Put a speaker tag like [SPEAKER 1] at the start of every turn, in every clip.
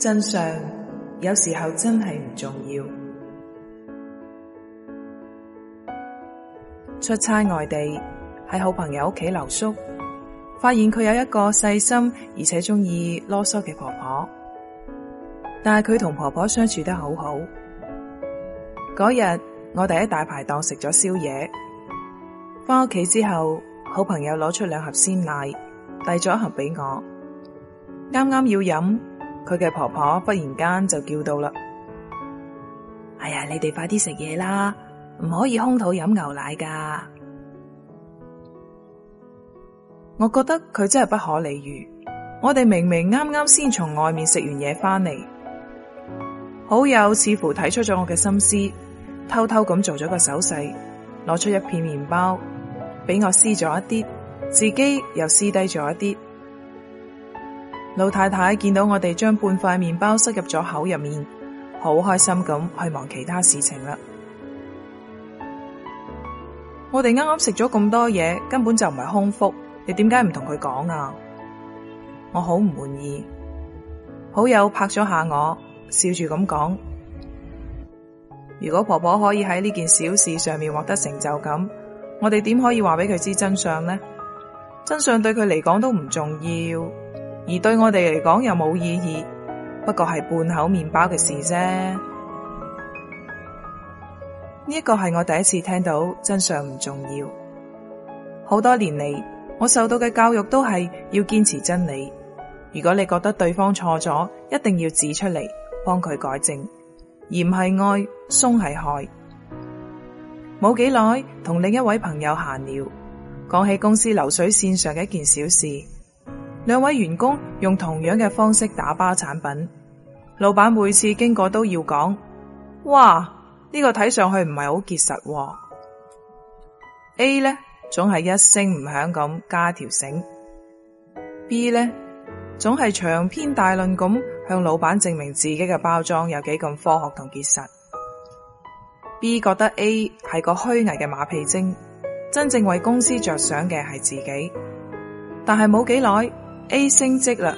[SPEAKER 1] 真相有時候真係唔重要。出差外地喺好朋友屋企留宿，發現佢有一個細心而且鍾意囉嗦嘅婆婆，但係佢同婆婆相處得好好。嗰日我哋喺大排檔食咗宵夜，翻屋企之後，好朋友攞出兩盒鮮奶，遞咗一盒俾我，啱啱要飲。佢嘅婆婆忽然間就叫到啦：哎呀，你哋快啲食嘢啦，唔可以空肚飲牛奶噶。我覺得佢真係不可理喻。我哋明明啱啱先從外面食完嘢翻嚟。好友似乎睇出咗我嘅心思，偷偷咁做咗個手勢，攞出一片麵包，俾我撕咗一啲，自己又撕低咗一啲。老太太見到我哋將半塊麵包塞入咗口入面，好開心咁去忙其他事情啦。 我哋啱啱食咗咁多嘢，根本就唔係空腹，你點解唔同佢講啊？我好唔滿意。好友拍咗下我，笑住咁講：如果婆婆可以喺呢件小事上面獲得成就感，我哋點可以話俾佢知真相呢？真相對佢嚟講都唔重要。而對我哋嚟講又冇意義，不過係半口麵包嘅事啫。呢一個係我第一次聽到真相唔重要。好多年嚟，我受到嘅教育都係要堅持真理。如果你覺得對方錯咗，一定要指出嚟，幫佢改正。嚴係愛，鬆係害。冇幾耐，同另一位朋友閒聊，講起公司流水線上嘅一件小事。兩位員工用同樣嘅方式打包產品，老闆每次經過都要講：哇，呢個睇上去唔係好結實啊。A 呢，總係一聲唔響咁加條繩，B 呢，總係長篇大論咁向老闆證明自己嘅包裝有幾咁科學同結實。B 覺得 A 係個虛偽嘅馬屁精，真正為公司着想嘅係自己，但係冇幾耐。A 升職啦，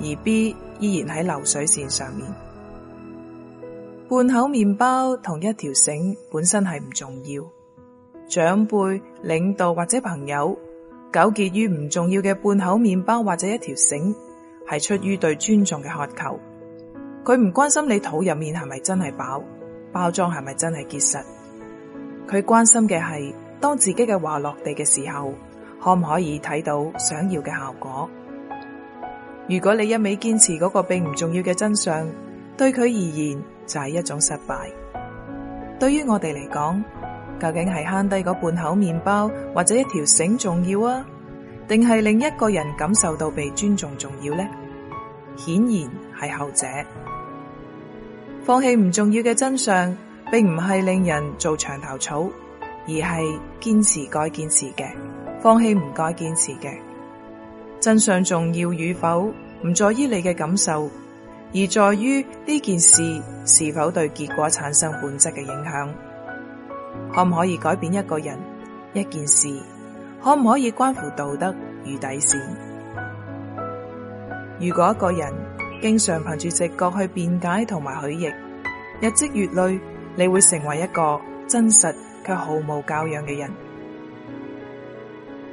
[SPEAKER 1] 而 B 依然喺流水線上面。半口麵包同一條繩本身係唔重要。長輩、領導或者朋友糾結於唔重要嘅半口麵包或者一條繩，係出於對尊重嘅渴求。佢唔關心你肚入面係咪真係飽，包裝係咪真係結實。佢關心嘅係，當自己嘅話落地嘅時候，可唔可以睇到想要嘅效果。如果你一味堅持嗰個並唔重要嘅真相，對佢而言就係、是、一種失敗。對於我哋嚟講，究竟係慳低嗰半口麵包或者一條繩重要啊，定係令一個人感受到被尊重重要呢？顯然係後者。放棄唔重要嘅真相，並唔係令人做牆頭草，而係堅持改件持嘅該堅持，放棄唔該堅持嘅。真相重要與否，唔在於你嘅感受，而在於呢件事是否對結果產生本質嘅影響。可唔可以改變一個人、一件事？可唔可以關乎道德與底線？如果一個人經常憑住直覺去辯解同埋許逆，日積月累，你會成為一個真實卻毫無教養嘅人。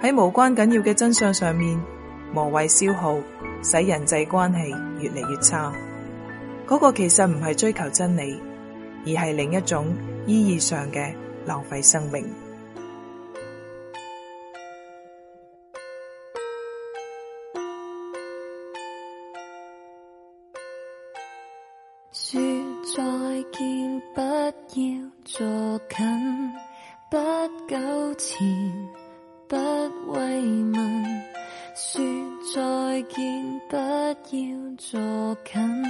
[SPEAKER 1] 喺無關緊要嘅真相上面。無謂消耗，使人際關係越嚟越差。嗰個其實唔係追求真理，而係另一種意義上嘅浪費生命。
[SPEAKER 2] 說再見，不要坐近，不久前。不要坐近，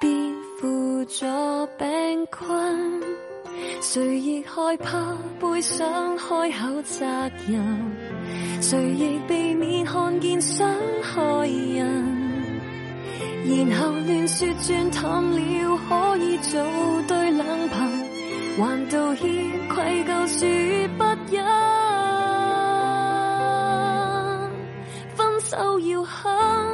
[SPEAKER 2] 別扶助病困。誰亦害怕背上開口責任，誰亦避免看見傷害人。然後亂說轉淡了，可以做對冷朋，還道歉愧疚說不出。分手要狠。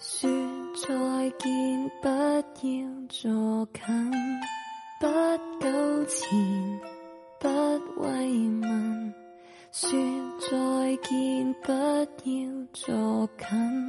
[SPEAKER 2] 說再見，不要坐近，不糾纏，不慰問。說再見，不要坐近。